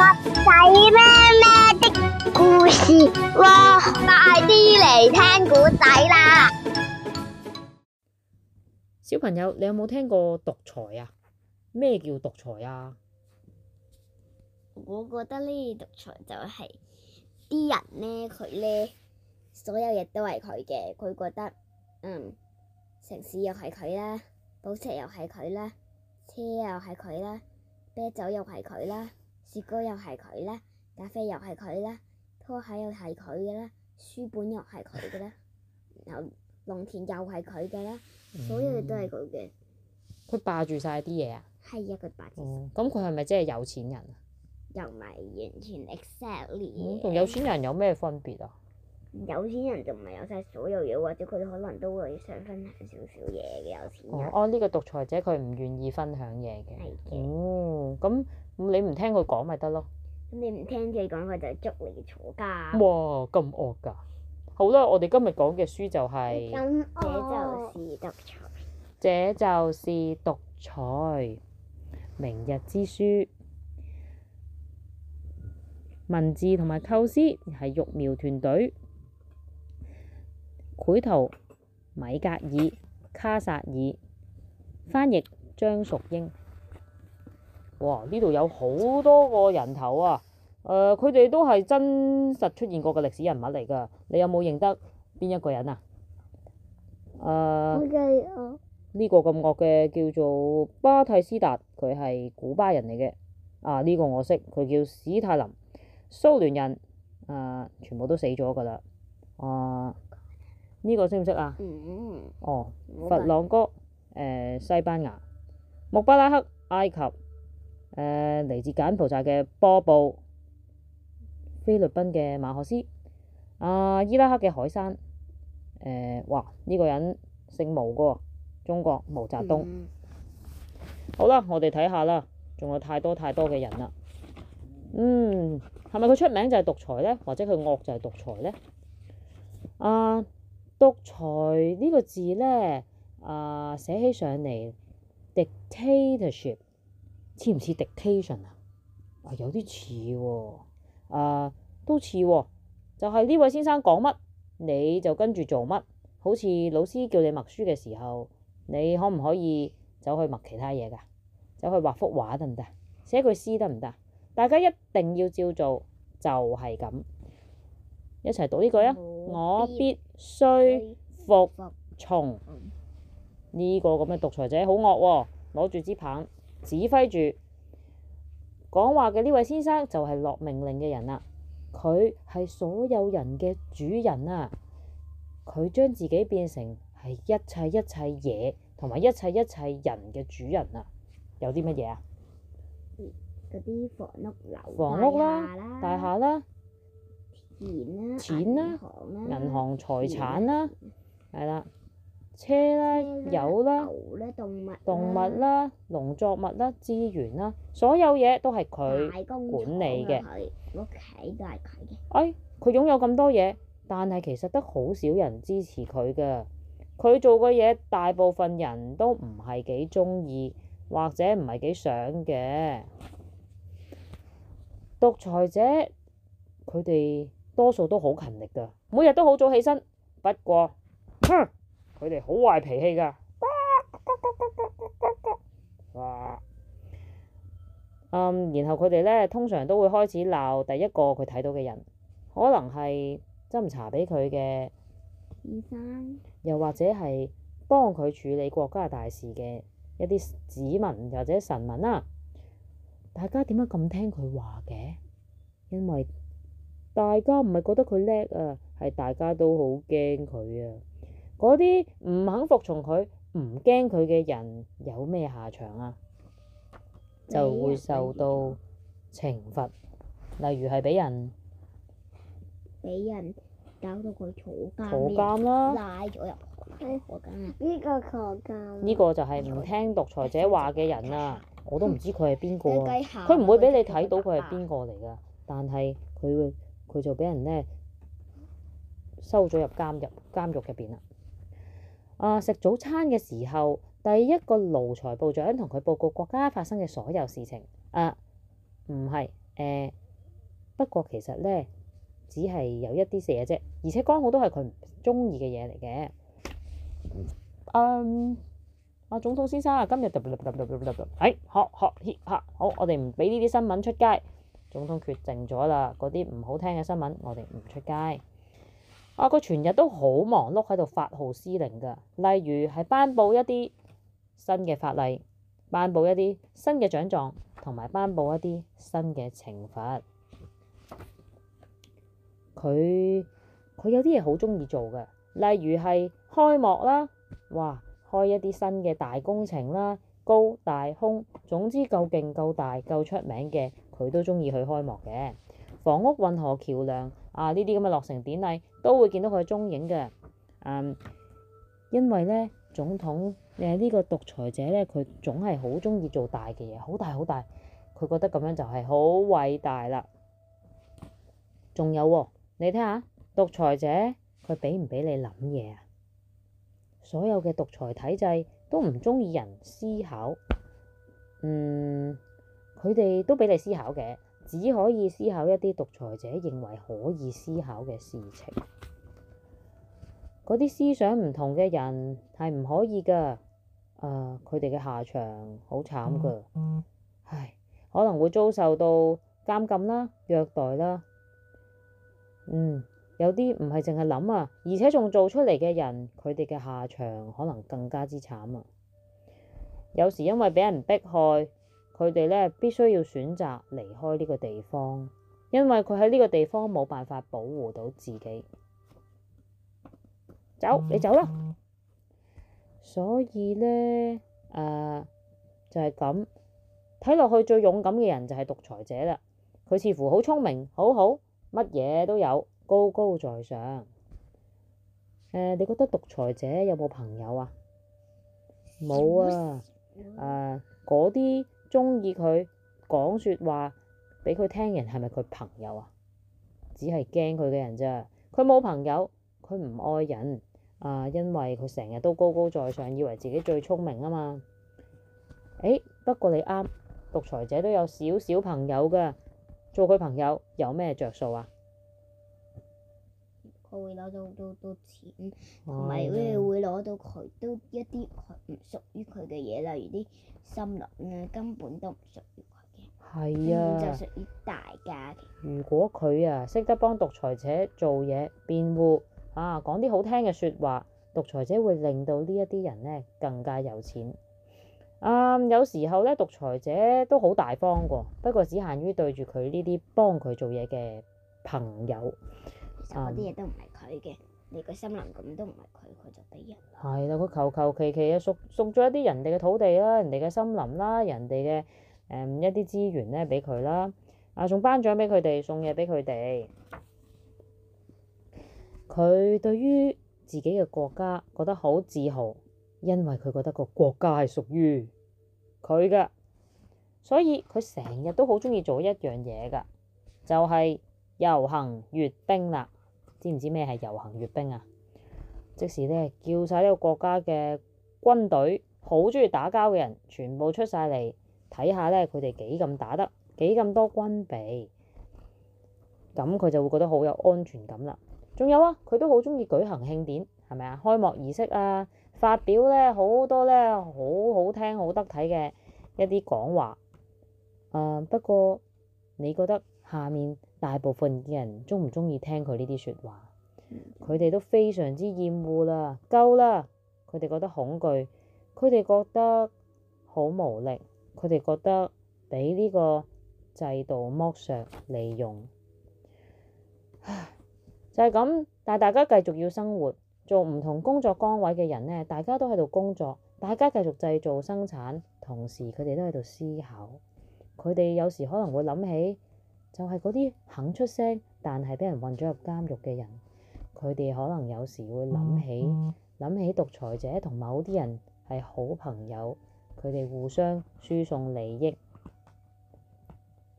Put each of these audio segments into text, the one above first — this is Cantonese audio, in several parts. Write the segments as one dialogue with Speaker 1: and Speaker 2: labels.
Speaker 1: 仔咩咩的故事喎！快啲嚟聽古仔啦，
Speaker 2: 小朋友，你有冇聽過獨裁啊？咩叫獨裁啊？
Speaker 1: 我覺得呢，獨裁就係啲人呢，佢呢，所有嘢都係佢嘅，佢覺得，嗯，城市又係佢啦，寶石又係佢啦，車又係佢啦，啤酒又係佢啦。雪糕又係佢啦，咖啡又係佢啦，拖鞋又係佢嘅啦，書本又係佢嘅啦， 然後農田又係佢嘅啦，所、嗯、所有嘢都係佢嘅。
Speaker 2: 佢霸住晒啲嘢啊！
Speaker 1: 係啊、嗯，佢霸住曬。
Speaker 2: 咁佢係咪真係有錢人啊？
Speaker 1: 又唔係完全 exactly。同有
Speaker 2: 錢人有咩分別啊？
Speaker 1: 有錢人就唔係有晒所有嘢，或者佢可能都會想分享少少嘢嘅
Speaker 2: 有錢人。哦，呢、哦這個獨裁者佢唔願意分享嘢嘅。係嘅的、 嗯嗯。哦，咁。咁你唔聽佢講咪得咯？
Speaker 1: 咁你唔聽佢講，佢就捉你坐
Speaker 2: 監。哇！咁惡㗎。好啦，我哋今日講嘅書就係……真
Speaker 1: 惡。《這就是獨裁》。
Speaker 2: 這就是獨裁。明日之書。文字同埋構思係育苗團隊。繪圖米格爾卡薩爾。翻譯張淑英。哇！呢度有好多個人頭啊！誒，佢哋都係真實出現過嘅歷史人物嚟㗎。你有冇認得邊一個人啊？誒，呢個咁惡嘅叫做巴蒂斯達，佢係古巴人嚟嘅。啊，呢個我識，佢叫史泰林，蘇聯人。誒，全部都死咗㗎啦！啊，呢個識唔識啊？嗯嗯。哦，佛朗哥，誒，西班牙。穆巴拉克，埃及。誒嚟、呃、自柬埔寨嘅波布，菲律賓嘅馬可斯，啊、呃、伊拉克嘅海山，誒、呃、哇呢、這個人姓毛噶喎，中國毛澤東。嗯、好啦，我哋睇下啦，仲有太多太多嘅人啦。嗯，係咪佢出名就係獨裁咧？或者佢惡就係獨裁咧？啊，獨裁呢、呃、呢個字咧，啊、呃、寫起上嚟 dictatorship。似唔似 dictation 啊？啊，有啲似喎，啊都似喎，就係呢位先生講乜你就跟住做乜，好似老師叫你默書嘅時候，你可唔可以走去默其他嘢噶？走去畫幅畫得唔得？寫句詩得唔得？大家一定要照做，就係咁，一齊讀呢句啊！我必須服從呢個咁嘅獨裁者，好惡喎！攞住支棒。指揮住講話嘅呢位先生就係落命令嘅人啦，啊，佢係所有人嘅主人啊！佢將自己變成係一切一切嘢，同埋一切一切人嘅主人啊！有啲乜嘢啊？
Speaker 1: 嗰啲房屋樓、啊、房屋啦、啊、啊、大廈
Speaker 2: 啦、啊、啊、錢啦、啊、銀
Speaker 1: 行啦、啊、銀行財產啦、
Speaker 2: 啊，係啦、啊。車啦，油啦，動物啦，農作物啦，資源啦，所有嘢都係佢管理嘅。
Speaker 1: 屋企都係佢嘅。
Speaker 2: 哎，佢擁有咁多嘢，但係其實得好少人支持佢㗎。佢做嘅嘢，大部分人都唔係幾中意，或者唔係幾想嘅。獨裁者佢哋多數都好勤力㗎，每日都好早起身。不過，哼、嗯！佢哋好壞脾氣㗎，哇！嗯，然後佢哋咧通常都會開始鬧第一個佢睇到嘅人，可能係斟茶俾佢嘅，醫生、嗯，又或者係幫佢處理國家大事嘅一啲子民或者臣民啊。大家點解咁聽佢話嘅？因為大家唔係覺得佢叻啊，係大家都好驚佢啊。嗰啲唔肯服從佢、唔驚佢嘅人有咩下場啊？就會受到懲罰。例如係俾人俾人搞到佢坐監，坐監啊、拉呢、哎呢個就係唔聽獨裁者話嘅人啊！我都唔知佢係邊個。佢唔會俾你睇到佢係邊個嚟㗎，但係佢佢就俾人咧收咗入監入監獄入邊啦。啊！食早餐嘅時候，第一個奴才部長同佢報告國家發生嘅所有事情。啊，唔係，誒、呃，不過其實咧，只係有一啲事嘅啫，而且剛好都係佢中意嘅嘢嚟嘅。啊、嗯，啊，總統先生啊，今日就，係、哎，學學協好，我哋唔俾呢啲新聞出街。總統決定咗啦，嗰啲唔好聽嘅新聞，我哋唔出街。啊！佢全日都好忙碌喺度發號施令㗎，例如係頒布一啲新嘅法例，頒布一啲新嘅獎狀，同埋頒布一啲新嘅懲罰。佢佢有啲嘢好中意做㗎，例如係開幕啦，哇！開一啲新嘅大工程啦，高大空，總之夠勁、夠大、夠出名嘅，佢都中意去開幕嘅。房屋、運河、橋梁。啊！呢啲咁嘅落成典禮都會見到佢嘅蹤影嘅，嗯，因為咧，總統誒呢、呃這個獨裁者咧，佢總係好中意做大嘅嘢，好大好大，佢覺得咁樣就係好偉大啦。仲有喎、哦，你睇下，獨裁者佢俾唔俾你諗嘢啊？所有嘅獨裁體制都唔中意人思考，嗯，佢哋都俾你思考嘅。只可以思考一啲獨裁者認為可以思考嘅事情，嗰啲思想唔同嘅人係唔可以㗎。誒、呃，佢哋嘅下場好慘㗎，唉，可能會遭受到監禁啦、虐待啦。嗯，有啲唔係淨係諗啊，而且仲做出嚟嘅人，佢哋嘅下場可能更加之慘啊。有時因為俾人迫害。佢哋呢必須要選擇離開呢個地方，因為佢喺呢個地方冇辦法保護到自己。走，你走啦。所以呢，誒就係咁睇落去，最勇敢嘅人就係獨裁者啦。佢似乎好聰明，好好，乜嘢都有，高高在上。誒，你覺得獨裁者有冇朋友啊？冇啊！誒，嗰啲。鍾意佢講説話俾佢聽，人係咪佢朋友啊？只係驚佢嘅人咋。佢冇朋友，佢唔愛人啊，因為佢成日都高高在上，以為自己最聰明啊嘛。誒、欸，不過你啱，獨裁者都有少少朋友㗎，做佢朋友有咩着數啊？
Speaker 1: 佢會攞到好多多錢，同埋會會攞到佢都一啲唔屬於佢嘅嘢，例如啲森林啊，根本都唔屬於佢嘅，
Speaker 2: 係啊、嗯，就屬
Speaker 1: 於大家嘅。
Speaker 2: 如果佢啊識得幫獨裁者做嘢辯護啊，講啲好聽嘅説話，獨裁者會令到呢一啲人咧更加有錢。啊，有時候咧，獨裁者都好大方㗎，不過只限於對住佢呢啲幫佢做嘢嘅朋友。啊！啲嘢都唔係
Speaker 1: 佢嘅，你個森林咁都唔係佢，佢就俾
Speaker 2: 人。係啦，佢求求其其啊，送屬咗一啲人哋嘅土地啦，人哋嘅森林啦，人哋嘅誒一啲資源咧，俾佢啦。啊，仲頒獎俾佢哋，送嘢俾佢哋。佢對於自己嘅國家覺得好自豪，因為佢覺得個國家係屬於佢嘅，所以佢成日都好中意做一樣嘢㗎，就係、是、遊行、閱兵啦。知唔知咩係遊行閱兵啊？即係呢，叫晒呢個國家嘅軍隊好中意打交嘅人，全部出晒嚟睇下呢，佢哋幾咁打得，幾咁多，多軍備，咁佢就會覺得好有安全感啦。仲有啊，佢都好中意舉行慶典，係咪啊？開幕儀式啊，發表呢好多呢好好聽好得體嘅一啲講話。呃，不過你覺得？下面大部分嘅人鍾唔鍾意聽佢呢啲説話？佢哋 都非常之厭惡啦，夠啦！佢哋覺得恐懼，佢哋覺得好無力，佢哋覺得俾呢個制度剝削利用，唉，就係咁。但係大家繼續要生活，做唔同工作崗位嘅人呢，大家都喺度工作，大家繼續製造生產，同時佢哋都喺度思考，佢哋有時可能會諗起。就係嗰啲肯出聲，但係俾人困咗入監獄嘅人，佢哋可能有時會諗起諗起獨裁者同某啲人係好朋友，佢哋互相輸送利益。誒、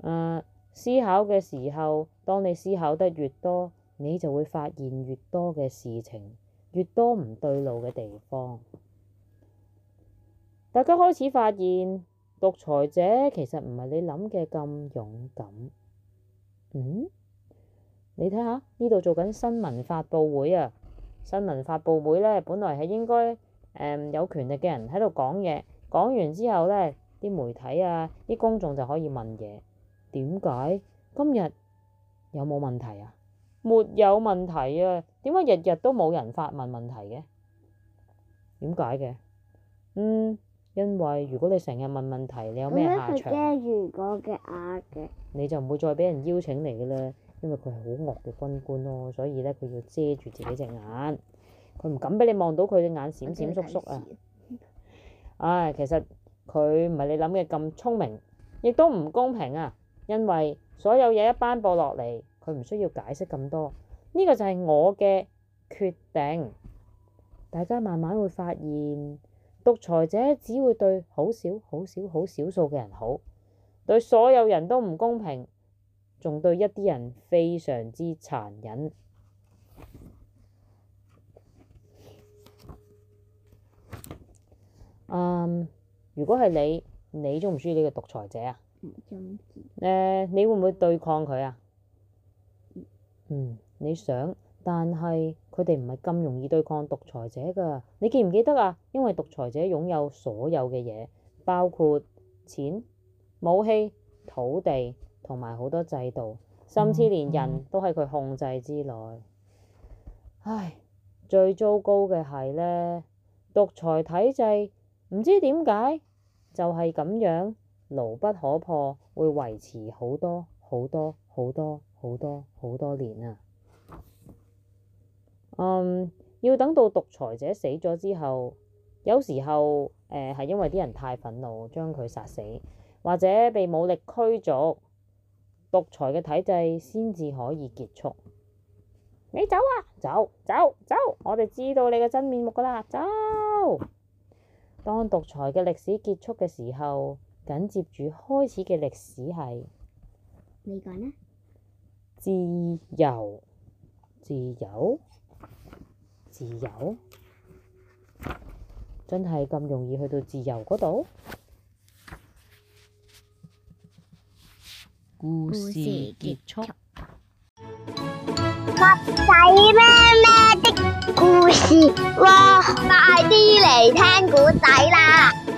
Speaker 2: 呃，思考嘅時候，當你思考得越多，你就會發現越多嘅事情，越多唔對路嘅地方。大家開始發現，獨裁者其實唔係你諗嘅咁勇敢。嗯，你睇下呢度做緊新聞發佈會啊！新聞發佈會咧，本來係應該誒、呃、有權力嘅人喺度講嘢，講完之後咧，啲媒體啊，啲公眾就可以問嘢。點解今日有冇問題啊？沒有問題啊？點解日日都冇人發問問題嘅？點解嘅？嗯。因為如果你成日問問題，你有咩下場？咁咧，佢遮
Speaker 1: 住個嘅眼嘅，
Speaker 2: 你就唔會再俾人邀請嚟嘅啦。因為佢係好惡嘅軍官咯，所以咧佢要遮住自己隻眼，佢唔敢俾你望到佢隻眼閃閃縮縮啊！唉，其實佢唔係你諗嘅咁聰明，亦都唔公平啊！因為所有嘢一頒佈落嚟，佢唔需要解釋咁多，呢個就係我嘅決定。大家慢慢會發現。獨裁者只會對好少、好少、好少數嘅人好，對所有人都唔公平，仲對一啲人非常之殘忍。Um, 如果係你，你鍾唔鍾意呢個獨裁者啊？唔鍾意。你會唔會對抗佢啊？你想，但係。佢哋唔係咁容易對抗獨裁者噶，你記唔記得啊？因為獨裁者擁有所有嘅嘢，包括錢、武器、土地同埋好多制度，甚至連人都喺佢控制之內。唉，最糟糕嘅係呢，獨裁體制唔知點解就係咁樣牢不可破，會維持好多好多好多好多好多年啊！嗯，um，要等到獨裁者死咗之後，有時候誒係、呃、因為啲人太憤怒，將佢殺死，或者被武力驅逐，獨裁嘅體制先至可以結束。你走啊！走走走！我哋知道你嘅真面目㗎喇！走。當獨裁嘅歷史結束嘅時候，緊接住開始嘅歷史係。你講啦。自由，自由。自由？真係咁容易去到自由嗰度？故事結
Speaker 1: 束。襪仔咩咩的故事？哇！快啲嚟聽古仔啦！